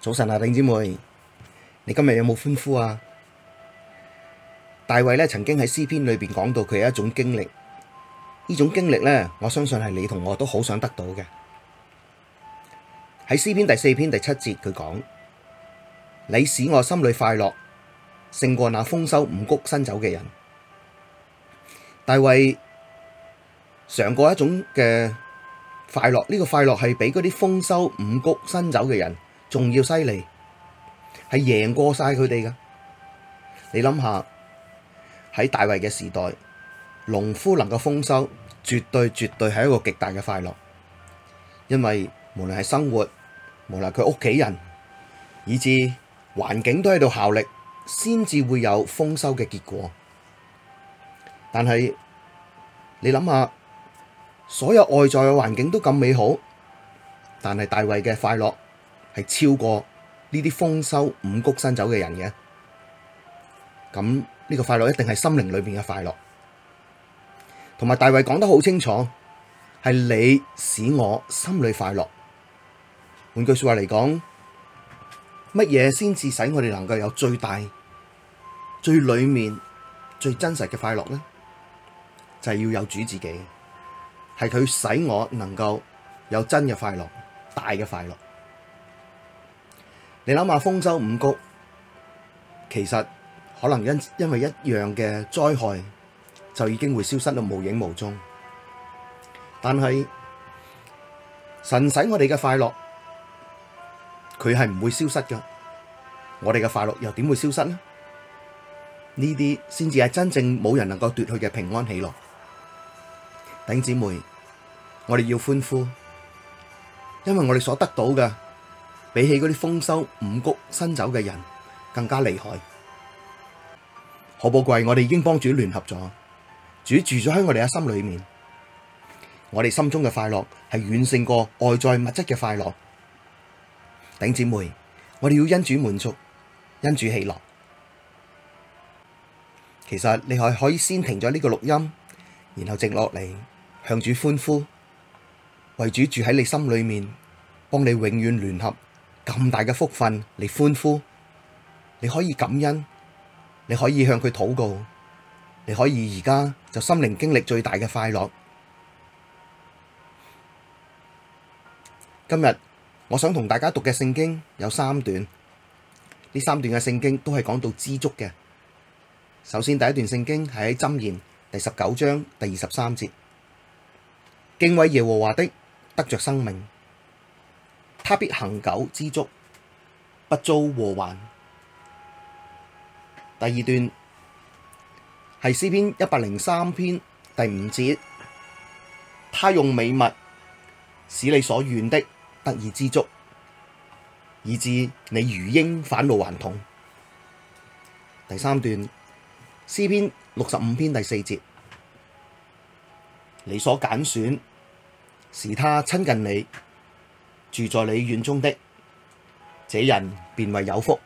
早晨啊，弟姐妹，你今日有冇歡呼啊？大衛咧，曾經喺詩篇裏邊講到佢有一種經歷，呢種經歷呢，我相信係你同我都好想得到嘅。喺詩篇第四篇第七節，佢講：你使我心裏快樂，勝過那豐收五穀新酒嘅人。大衛嘗過一種嘅快樂，呢、這個快樂係畀嗰啲豐收五穀新酒嘅人。仲要犀利，係贏過晒佢哋㗎。你諗下，喺大衛嘅時代，農夫能夠豐收，絕對絕對係一個極大嘅快樂。因為無論係生活，無論佢屋企人，以至環境都喺度效力，先至會有豐收嘅結果。但係你諗下，所有外在嘅環境都咁美好，但係大衛嘅快樂。係超過呢啲豐收五穀新酒嘅人嘅，咁呢個快樂一定係心靈裏面嘅快樂，同埋大衛講得好清楚，係你使我心裏快樂。換句說話嚟講，乜嘢先至使我哋能夠有最大、最裏面、最真實嘅快樂呢？就係要有主自己，係佢使我能夠有真嘅快樂、大嘅快樂。你諗下豐收五穀，其實可能因因為一樣嘅災害就已經會消失到無影無蹤。但係神使我哋嘅快樂，佢係唔會消失噶。我哋嘅快樂又點會消失呢？呢啲先至係真正冇人能夠奪去嘅平安喜樂。弟兄姊妹，我哋要歡呼，因為我哋所得到嘅。比起嗰啲豐收五穀新酒嘅人更加厲害，何寶貴。我哋已經幫主聯合咗，主住咗喺我哋嘅心裏面，我哋心中嘅快樂係遠勝過外在物質嘅快樂。頂姐妹，我哋要因主滿足，因主喜樂。其實你係可以先停咗呢個錄音，然後靜落嚟向主歡呼，為主住喺你心裏面，幫你永遠聯合。咁大嘅福分嚟歡呼，你可以感恩，你可以向佢禱告，你可以而家就心靈經歷最大嘅快樂。今日我想同大家讀嘅聖經有三段，呢三段嘅聖經都係講到知足嘅。首先第一段聖經係喺箴言第十九章第二十三節，敬畏耶和華的，得着生命。他必恆久知足，不遭禍患。第二段係詩篇一百零三篇第五節，他用美物使你所願的得以知足，以致你如鷹返老還童。第三段詩篇六十五篇第四節，你所揀選使他親近你。住在你院中的這人，便為有福。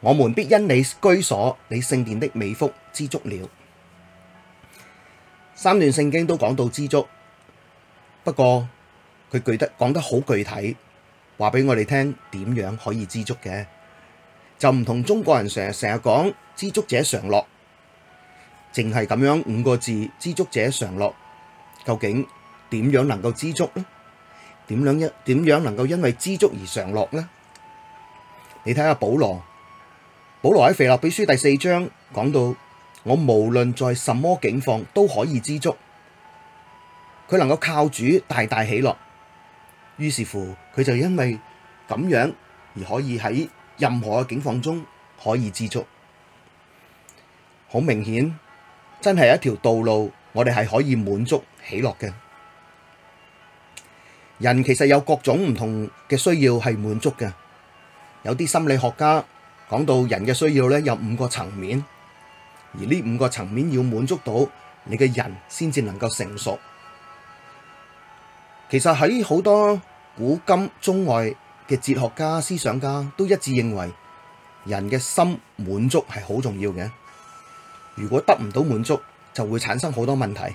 我們必因你居所，你聖殿的美福知足了。三段聖經都講到知足，不過佢講得講得好具體，話俾我哋聽點樣可以知足嘅。就唔同中國人成日成日講知足者常樂，淨係咁樣五個字知足者常樂，究竟點樣能夠知足呢？點樣一，點樣能夠因為知足而常樂呢？你睇下保羅，保羅喺腓立比書第四章講到，我無論在什麼境況都可以知足，佢能夠靠主大大喜樂，於是乎佢就因為咁樣而可以喺任何嘅境況中可以知足。好明顯，真係一條道路，我哋係可以滿足喜樂嘅。人其實有各種唔同嘅需要係滿足嘅，有啲心理學家講到人嘅需要咧，有五個層面，而呢五個層面要滿足到你嘅人先至能夠成熟。其實喺好多古今中外嘅哲學家、思想家都一致認為，人嘅心滿足係好重要嘅。如果得唔到滿足，就會產生好多問題。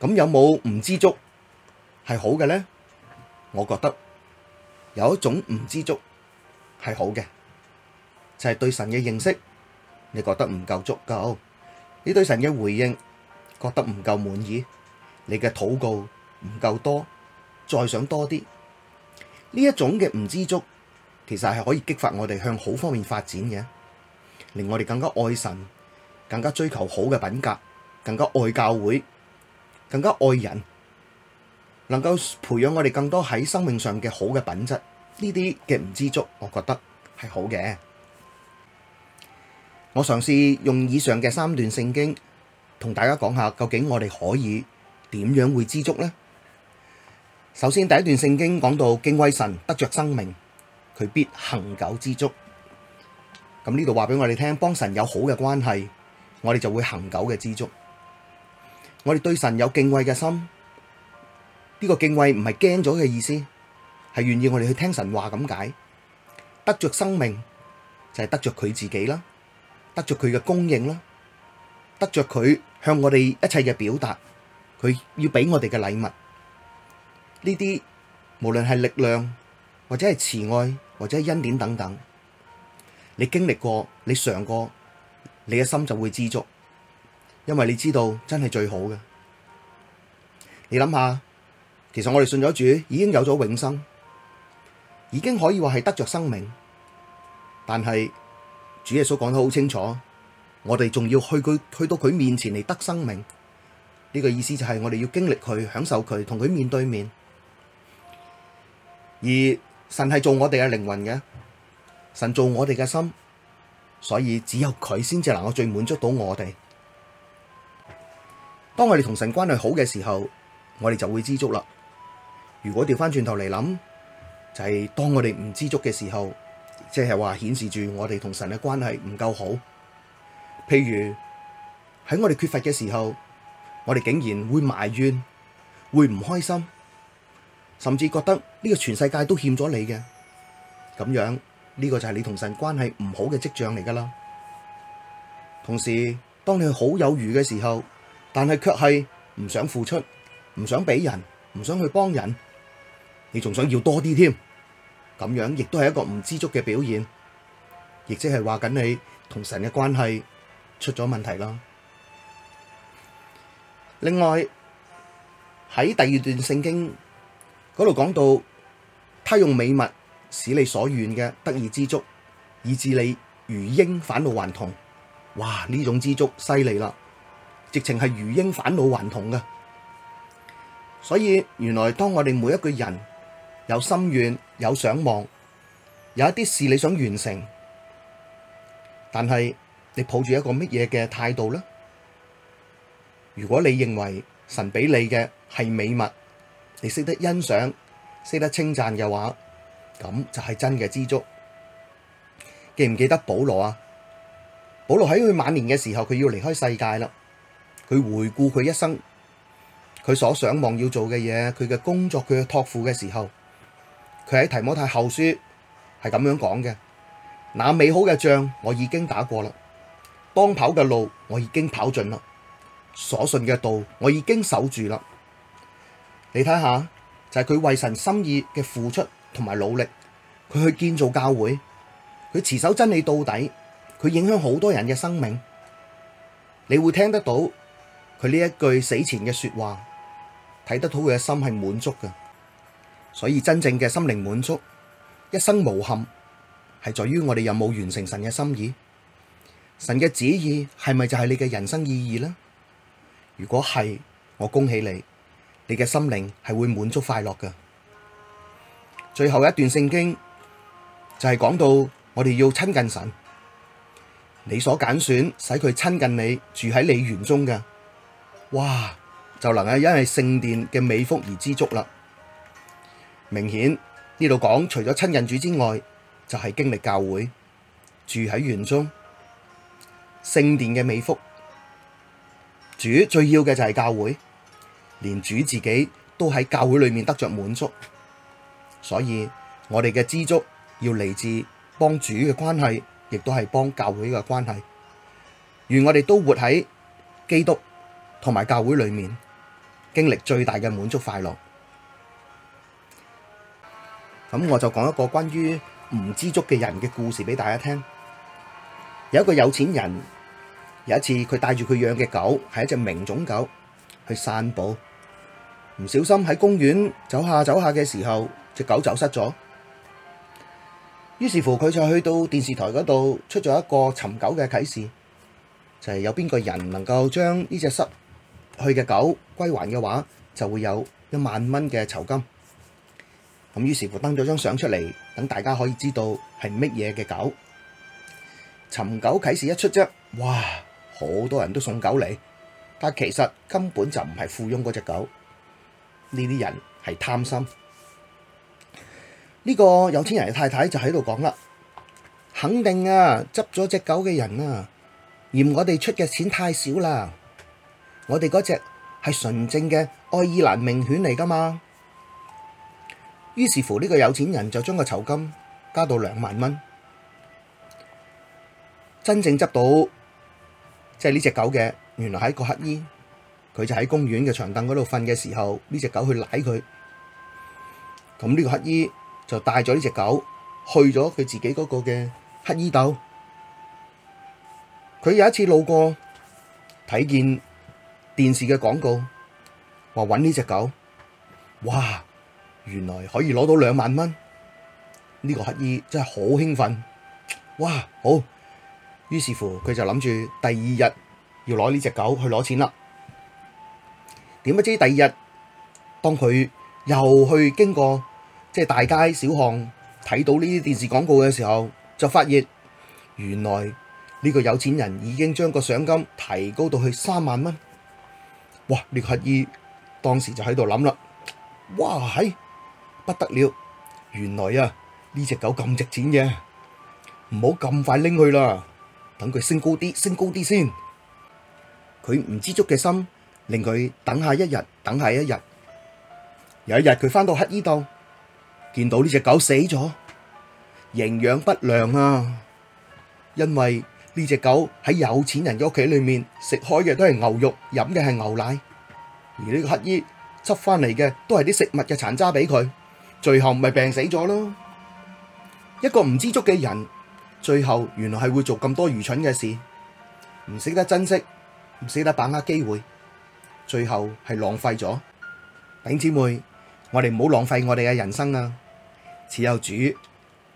咁有冇唔知足係好嘅呢？我覺得有一種唔知足係好嘅，就係對神嘅認識，你覺得唔夠足夠，你對神嘅回應覺得唔夠滿意，你嘅禱告唔夠多，再想多啲，呢一種嘅唔知足，其實係可以激發我哋向好方面發展嘅，令我哋更加愛神，更加追求好嘅品格，更加愛教會。更加愛人，能夠培養我哋更多喺生命上嘅好嘅品質，呢啲嘅唔知足，我覺得係好嘅。我嘗試用以上嘅三段聖經，同大家講下究竟我哋可以點樣會知足呢？首先第一段聖經講到，敬畏神得着生命，佢必恒久知足。咁呢度話俾我哋聽，幫神有好嘅關係，我哋就會恒久嘅知足。我哋對神有敬畏嘅心，呢、這個敬畏唔係驚咗嘅意思，係願意我哋去聽神話咁解，得着生命就係、是、得着佢自己啦，得着佢嘅供應啦，得着佢向我哋一切嘅表達，佢要俾我哋嘅禮物，呢啲無論係力量或者係慈愛或者係恩典等等，你經歷過，你嘗過，你嘅心就會知足。因為你知道真係最好嘅，你諗下，其實我哋信咗主已經有咗永生，已經可以話係得着生命。但係主耶穌講得好清楚，我哋仲要去佢去到佢面前嚟得生命。呢個意思就係我哋要經歷佢，享受佢，同佢面對面。而神係做我哋嘅靈魂嘅，神做我哋嘅心，所以只有佢先至能夠最滿足到我哋。當我哋同神關係好嘅時候，我哋就會知足啦。如果調翻轉頭嚟諗，就係、是、當我哋唔知足嘅時候，即係話顯示住我哋同神嘅關係唔夠好。譬如喺我哋缺乏嘅時候，我哋竟然會埋怨，會唔開心，甚至覺得呢個全世界都欠咗你嘅。咁樣呢、這個就係你同神關係唔好嘅跡象嚟噶啦。同時，當你好有餘嘅時候，但係卻係唔想付出，唔想俾人，唔想去幫人，你仲想要多啲添？咁樣亦都係一個唔知足嘅表現，亦即係話緊你同神嘅關係出咗問題啦。另外喺第二段聖經嗰度講到，他用美物使你所願嘅得以知足，以致你如鷹返老還童。哇！呢種知足犀利啦～直情係如鷹返老還童嘅，所以原來當我哋每一個人有心願、有想望，有一啲事你想完成，但係你抱住一個乜嘢嘅態度呢？如果你認為神俾你嘅係美物，你識得欣賞、識得稱讚嘅話，咁就係真嘅知足。記唔記得保羅啊？保羅喺佢晚年嘅時候，佢要離開世界啦。佢回顧佢一生，佢所想望要做嘅嘢，佢嘅工作，佢嘅託付嘅時候，佢喺提摩太後書係咁樣講嘅。那美好嘅仗我已經打過啦，當跑嘅路我已經跑盡啦，所信嘅道我已經守住啦。你睇下，就係、是、佢為神心意嘅付出同埋努力，佢去建造教會，佢持守真理到底，佢影響好多人嘅生命，你會聽得到。佢呢一句死前嘅說話，睇得到佢嘅心係滿足噶所以真正嘅心靈滿足、一生無憾，係在於我哋有冇完成神嘅心意。神嘅旨意係咪就係你嘅人生意義呢？如果係，我恭喜你，你嘅心靈係會滿足快樂噶。最後一段聖經就係講到我哋要親近神，你所揀選使佢親近你，住喺你院中噶。哇，就能喺因為聖殿嘅美福而知足啦！明顯呢度講，除咗親近主之外，就係、是、經歷教會、住喺園中、聖殿嘅美福。主最要嘅就係教會，連主自己都喺教會裏面得着滿足。所以我哋嘅知足要嚟自幫主嘅關係，亦都係幫教會嘅關係。願我哋都活喺基督，同埋教會裏面經歷最大嘅滿足快樂，咁我就講一個關於唔知足嘅人嘅故事俾大家聽。有一個有錢人，有一次佢帶住佢養嘅狗，係一隻名種狗，去散步，唔小心喺公園走下走下嘅時候，隻狗走失咗。於是乎佢就去到電視台嗰度出咗一個尋狗嘅啟示，就係有邊個人能夠將呢隻失去嘅狗歸還嘅話，就會有一萬蚊嘅酬金。咁於是乎登張，登咗張相出嚟，等大家可以知道係乜嘢嘅狗。尋狗啟示一出啫，哇！好多人都送狗嚟，但其實根本就唔係富翁嗰隻狗。呢啲人係貪心。呢、這個有錢人嘅太太就喺度講啦：肯定啊，執咗隻狗嘅人啊，嫌我哋出嘅錢太少啦。我哋嗰隻係純正嘅愛爾蘭名犬嚟噶嘛？於是乎呢個有錢人就將個酬金加到兩萬蚊。真正執到即係呢隻狗嘅，原來係一個乞兒。佢就喺公園嘅長凳嗰度瞓嘅時候，呢隻狗去舐佢。咁呢個乞兒就帶咗呢隻狗去咗佢自己嗰個嘅乞兒竇。佢有一次路過睇見。電視嘅廣告話搵呢隻狗，哇！原來可以攞到兩萬蚊，呢、這個乞兒真係好興奮。哇！好，於是乎佢就諗住第二日要攞呢隻狗去攞錢啦。點不知第二日，當佢又去經過即係、就是、大街小巷，睇到呢啲電視廣告嘅時候，就發現，原來呢個有錢人已經將個賞金提高到去三萬蚊。哇！呢乞兒當時就喺度諗啦，哇係不得了，原來啊呢隻狗咁值錢嘅，唔好咁快拎去啦，等佢升高啲，升高啲先。佢唔知足嘅心，令佢等下一日，等下一日。有一日佢返到乞兒度，見到呢隻狗死咗，營養不良啊，因為。呢隻狗喺有錢人嘅屋企裏面食開嘅都係牛肉，飲嘅係牛奶，而呢個乞兒執翻嚟嘅都係啲食物嘅殘渣俾佢，最後咪病死咗咯。一個唔知足嘅人，最後原來係會做咁多愚蠢嘅事，唔捨得珍惜，唔捨得把握機會，最後係浪費咗。丙姊妹，我哋唔好浪費我哋嘅人生啊！只有主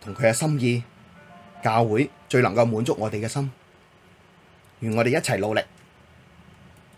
同佢嘅心意，教會最能夠滿足我哋嘅心，願我哋一齊努力。